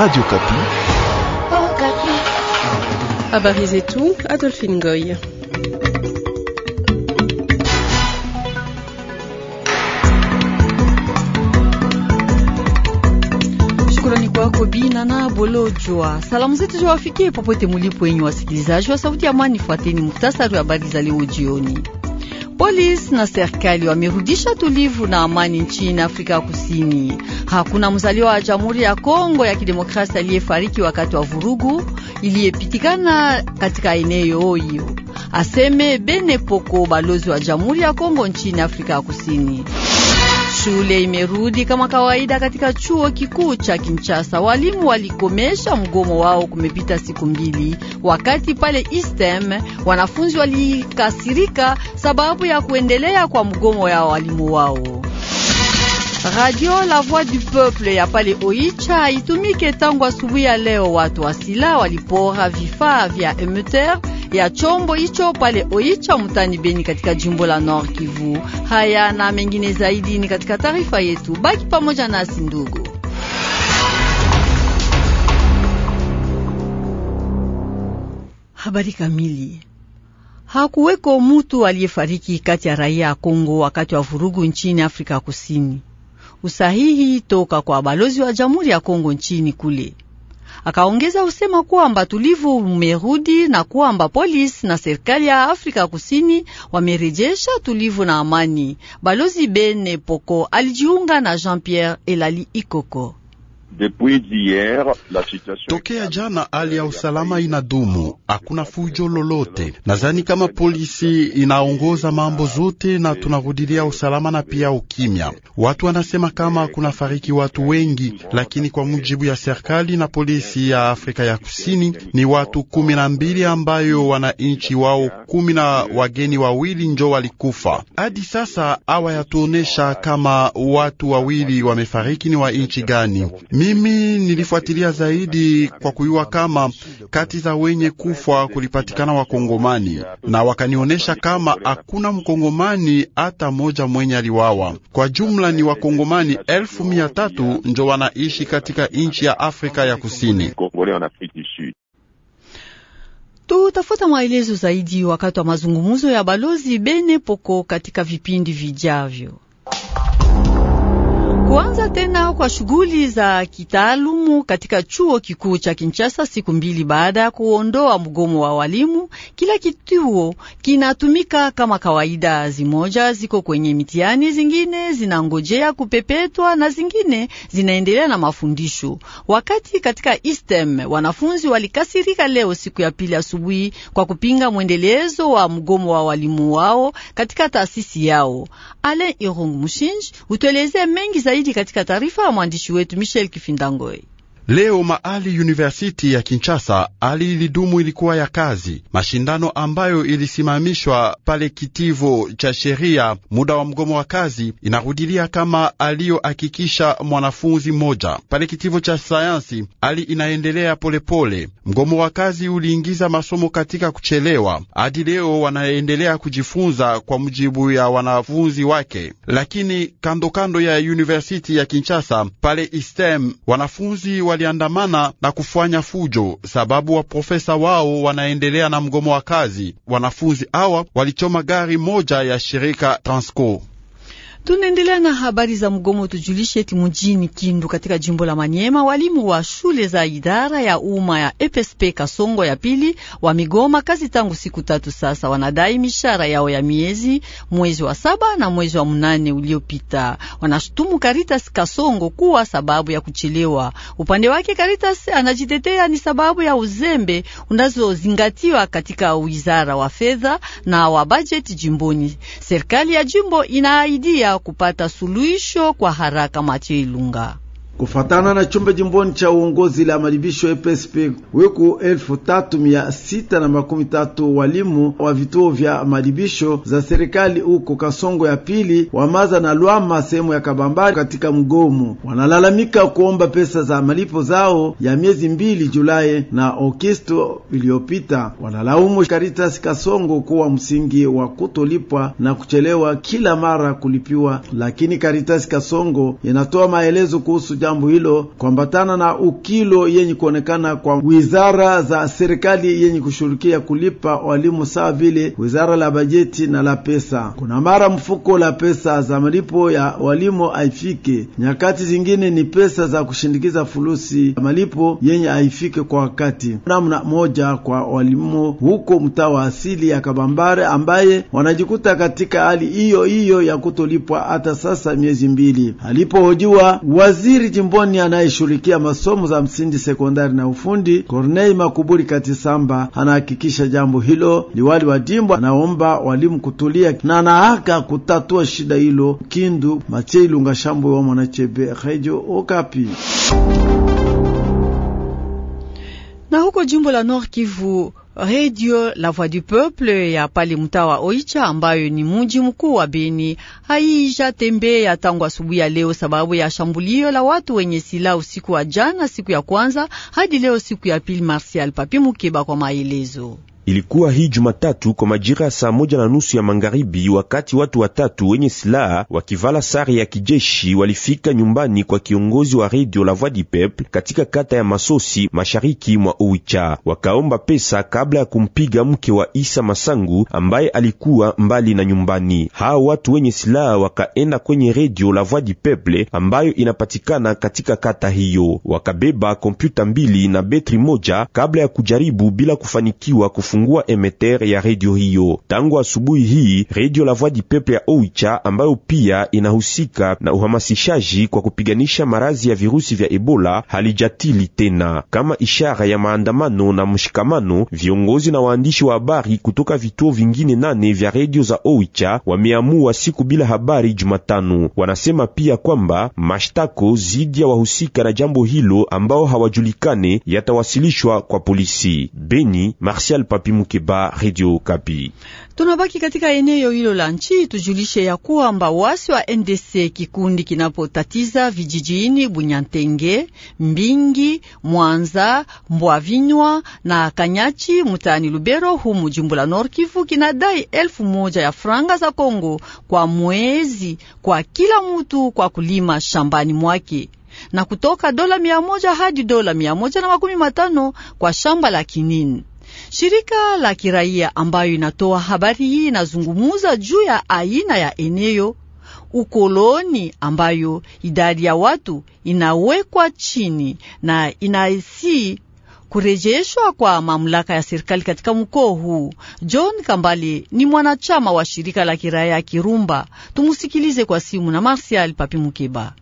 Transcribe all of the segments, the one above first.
Radio Kapi. Oh, Kapi. Habari zetu Adolphine Goy. Shukrani kwako Bina na Bolojwa. Salamu zetu ziwafikie popote mulipo, enyi wasikilizaji wa Sauti ya Amani. Fuateni muktasari wa habari za leo jioni. Polisi na serikali wamerudisha tulivu na amani nchini Afrika ya Kusini. Hakuna mzaliwa wa Jamhuri ya Kongo ya Kidemokrasia aliyefariki wakati wa vurugu iliyepitikana katika eneo hiyo, aseme Bene Poko, balozi wa Jamhuri ya Kongo nchini Afrika ya Kusini. Shule imerudi kama kawaida katika chuo kikuu cha Kinshasa. Walimu walikomesha mgomo wao kumepita siku mbili, wakati pale Istem wanafunzi walikasirika sababu ya kuendelea kwa mgomo ya walimu wao. Radio La Voix du Peuple ya pale Oicha itumike tangu asubuhi ya leo. Watu wa silaha walipora vifaa vya emeter ya chombo hicho pale Oicha mutani Beni katika jimbo la Nord Kivu. Haya na mengine zaidi ni katika taarifa yetu, baki pamoja nasi ndugu. Habari kamili. Hakuweko mutu aliyefariki kati ya raia ya Kongo wakati wa vurugu nchini Afrika Kusini usahihi toka kwa balozi wa Jamhuri ya Kongo nchini kule. Akaongeza usema kwamba tulivu umerudi na kwamba polisi na serikali ya Afrika Kusini wamerejesha tulivu na amani. Balozi Bene Poko alijiunga na Jean-Pierre Elali Ikoko. Tokea jana hali ya usalama inadumu, hakuna fujo lolote. Nadhani kama polisi inaongoza mambo zote, na tunarudilia usalama na pia ukimya. Watu wanasema kama kuna fariki watu wengi, lakini kwa mujibu ya serikali na polisi ya Afrika ya Kusini ni watu kumi na mbili ambayo wananchi wao kumi na wageni wawili njo walikufa. Hadi sasa awa hawayatuonesha kama watu wawili wamefariki ni wa nchi gani. Mimi nilifuatilia zaidi kwa kuiwa kama kati za wenye kufa kulipatikana Wakongomani, na wakanionyesha kama hakuna mkongomani hata moja mwenye aliwawa. Kwa jumla ni wakongomani elfu mia tatu njo wanaishi katika nchi ya Afrika ya Kusini. Tutafuta maelezo zaidi wakati wa mazungumzo ya balozi Bene Poko katika vipindi vijavyo. Kuanza tena kwa shughuli za kitaalumu katika chuo kikuu cha Kinshasa siku mbili baada ya kuondoa mgomo wa walimu, kila kituo kinatumika kama kawaida. Zimoja ziko kwenye mitihani, zingine zinangojea kupepetwa na zingine zinaendelea na mafundisho. Wakati katika Istem wanafunzi walikasirika leo siku ya pili asubuhi kwa kupinga mwendelezo wa mgomo wa walimu wao katika taasisi yao. Alain Irung Mushinji utueleze mengi zaidi. Zaidi katika taarifa ya mwandishi wetu Michel Kifindangoi. Leo maali University ya Kinshasa ali ilidumu ilikuwa ya kazi, mashindano ambayo ilisimamishwa pale kitivo cha sheria muda wa mgomo wa kazi, inarudilia kama aliyohakikisha mwanafunzi mmoja pale kitivo cha sayansi. Ali inaendelea polepole Mgomo wa kazi uliingiza masomo katika kuchelewa, hadi leo wanaendelea kujifunza kwa mujibu ya wanafunzi wake, lakini kandokando kando ya University ya Kinshasa pale ISTEM wanafunzi wa waliandamana na kufanya fujo sababu profesa wao wanaendelea na mgomo wa kazi. Wanafunzi hawa walichoma gari moja ya shirika Transco. Tunaendelea na habari za mgomo. Tujulishe eti mjini Kindu katika jimbo la Manyema, walimu wa shule za idara ya umma ya EPSP Kasongo ya pili wa migoma kazi tangu siku tatu sasa. Wanadai mishara yao ya miezi mwezi wa saba na mwezi wa mnane uliopita. Wanashutumu Caritas Kasongo kuwa sababu ya kuchelewa. Upande wake, Caritas anajitetea ni sababu ya uzembe unazozingatiwa katika wizara wa fedha na wa bajeti jimboni. Serikali ya jimbo inaidia kupata suluhisho kwa haraka. machi Ilunga kufatana na chumba jimboni cha uongozi la maribisho EPSP, wiku elfu tatu mia sita na makumi tatu walimu wa vituo vya maribisho za serikali huko Kasongo ya pili, Wamaza na Lwama sehemu ya Kabambari katika mgomo. Wanalalamika kuomba pesa za malipo zao ya miezi mbili Julai na Okisto iliyopita. Wanalaumu karitas Kasongo kuwa msingi wa kutolipwa na kuchelewa kila mara kulipiwa, lakini karitas Kasongo inatoa maelezo kuhusu jambo hilo kuambatana na ukilo yenye kuonekana kwa wizara za serikali yenye kushughulikia kulipa walimu sawa vile wizara la bajeti na la pesa. Kuna mara mfuko la pesa za malipo ya walimu haifike, nyakati zingine ni pesa za kushindikiza fulusi ya malipo yenye haifike kwa wakati. Namna moja kwa walimu huko mtaa wa asili ya Kabambare ambaye wanajikuta katika hali hiyo hiyo ya kutolipwa hata sasa miezi mbili. Alipohojiwa waziri jimboni anayeshughulikia masomo za msingi, sekondari na ufundi, Kornei Makuburi Katisamba, anahakikisha jambo hilo. Liwali wa jimbo anaomba walimu kutulia na naaka kutatua shida hilo. Kindu Machei Lunga wa Mwanachebe, Radio Okapi. Na huko jimbo la Nord Kivu Redio La Voix du Peuple ya pale mtaa wa Oicha ambayo ni muji mkuu wa Beni tembea tangu asubuhi ya leo sababu ya shambulio la watu wenye silaha usiku wa jana, siku ya kwanza hadi leo, siku ya pili. Marsial Papi Mukeba kwa maelezo. Ilikuwa hii Jumatatu kwa majira ya saa moja na nusu ya magharibi, wakati watu watatu wenye silaha wakivala sare ya kijeshi walifika nyumbani kwa kiongozi wa redio La Voix du Peuple katika kata ya Masosi mashariki mwa Uicha. Wakaomba pesa kabla ya kumpiga mke wa Isa Masangu ambaye alikuwa mbali na nyumbani. Hao watu wenye silaha wakaenda kwenye redio La Voix du Peuple ambayo inapatikana katika kata hiyo, wakabeba kompyuta mbili na betri moja kabla ya kujaribu bila kufanikiwa kufu kufungua emeter ya redio hiyo tangu asubuhi hii. Redio la Voix du Peuple ya Oicha, ambayo pia inahusika na uhamasishaji kwa kupiganisha marazi ya virusi vya Ebola, halijatili tena kama ishara ya maandamano na mshikamano. Viongozi na waandishi wa habari kutoka vituo vingine nane vya redio za Oicha wameamua siku bila habari Jumatano. Wanasema pia kwamba mashtako zidi ya wahusika na jambo hilo ambao hawajulikane yatawasilishwa kwa polisi. Beni, Martial Papi. Papi Mukiba, Radio Kapi. Tunabaki katika eneo hilo la nchi, tujulishe ya kwamba wasi wa NDC kikundi kinapotatiza vijijini Bunyantenge, Mbingi, Mwanza, Mbwavinywa na Kanyachi mtaani Lubero humu jimbo la Nord Kivu kinadai elfu moja ya franga za Kongo kwa mwezi kwa kila mutu kwa kulima shambani mwake na kutoka dola mia moja hadi dola mia moja na makumi matano kwa shamba la kinini. Shirika la kiraia ambayo inatoa habari hii inazungumuza juu ya aina ya eneo ukoloni ambayo idadi ya watu inawekwa chini na inaisi kurejeshwa kwa mamlaka ya serikali katika mkoa huu. John Kambale ni mwanachama wa shirika la kiraia ya Kirumba. Tumusikilize kwa simu na Marsial Papi Mukeba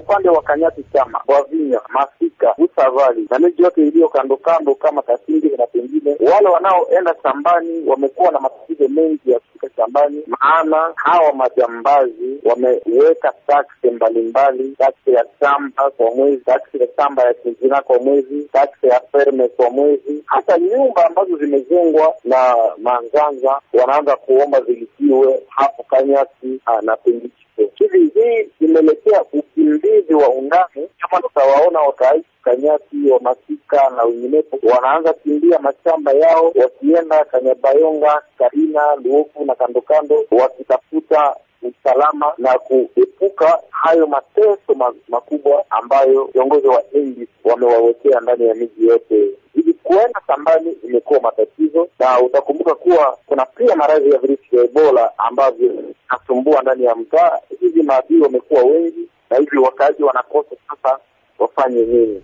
upande wa Kanyati, Chama, Bwavinya, Masika, Usavali na miji yote iliyo kando kando kama Kasindi na pengine, wale wanaoenda shambani wamekuwa na matatizo mengi ya kufika shambani, maana hawa majambazi wameweka taksi mbalimbali, taksi ya shamba kwa mwezi, taksi ya shamba ya kizina kwa mwezi, taksi ya ferme kwa mwezi. Hata nyumba ambazo zimejengwa na manzanza wanaanza kuomba zilipiwe hapo Kanyati ah, na pengine yake. Hivi hii imeletea ukimbizi wa undani, kama tutawaona wakazi kanyasi Wamasika na wenginepo wanaanza kimbia mashamba yao wakienda Kanyabayonga, Karina, Luofu na kandokando wakitafuta usalama na kuepuka hayo mateso makubwa ambayo viongozi wa indi wamewawekea ndani ya miji yote. Hivi kuenda sambani imekuwa matatizo, na utakumbuka kuwa kuna pia maradhi ya virusi vya Ebola ambavyo nasumbua ndani ya mtaa. Hivi maadui wamekuwa wengi, na hivi wakaaji wanakosa sasa wafanye nini?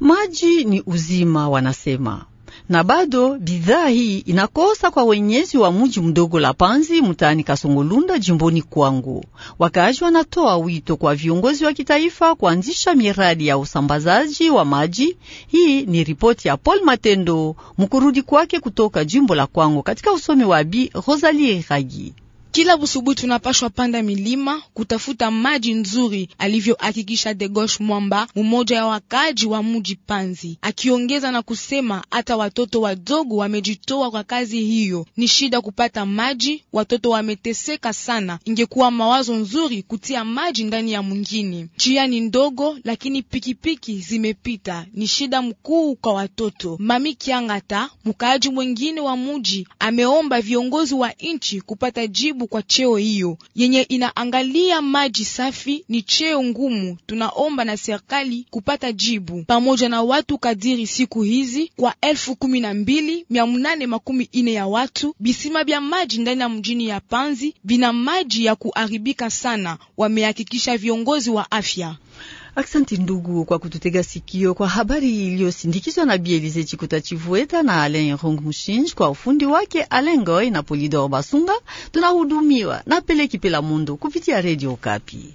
Maji ni uzima, wanasema na bado bidhaa hii inakosa kwa wenyezi wa muji mdogo la Panzi mtaani Kasongolunda jimboni Kwangu. Wakaaji wanatoa wito kwa viongozi wa kitaifa kuanzisha miradi ya usambazaji wa maji. Hii ni ripoti ya Paul Matendo mukurudi kwake kutoka jimbo la Kwangu katika usomi wa Bi Rosalie Ragi. Kila busubu tunapashwa panda milima kutafuta maji nzuri, alivyohakikisha Degosh Mwamba, mmoja ya wakaji wa muji Panzi, akiongeza na kusema hata watoto wadogo wamejitoa kwa kazi hiyo. Ni shida kupata maji, watoto wameteseka sana. Ingekuwa mawazo nzuri kutia maji ndani ya mwingine. Njia ni ndogo, lakini pikipiki zimepita. Ni shida mkuu kwa watoto. Mami Kiangata, mkaaji mwingine wa muji ameomba viongozi wa nchi kupata jibu sababu kwa cheo hiyo yenye inaangalia maji safi ni cheo ngumu. Tunaomba na serikali kupata jibu pamoja na watu kadiri siku hizi kwa elfu kumi na mbili mia munane makumi ine ya watu bisima vya maji ndani ya mjini ya Panzi vina maji ya kuharibika sana, wamehakikisha viongozi wa afya. Aksanti ndugu kwa kututega sikio kwa habari iliyosindikizwa na Bielize Chikuta Chivueta na Alain Rong Mushinj, kwa ufundi wake, Alain Goy na Polidor Basunga. Tunahudumiwa na Peleki Pela Mundu kupitia Redio Kapi.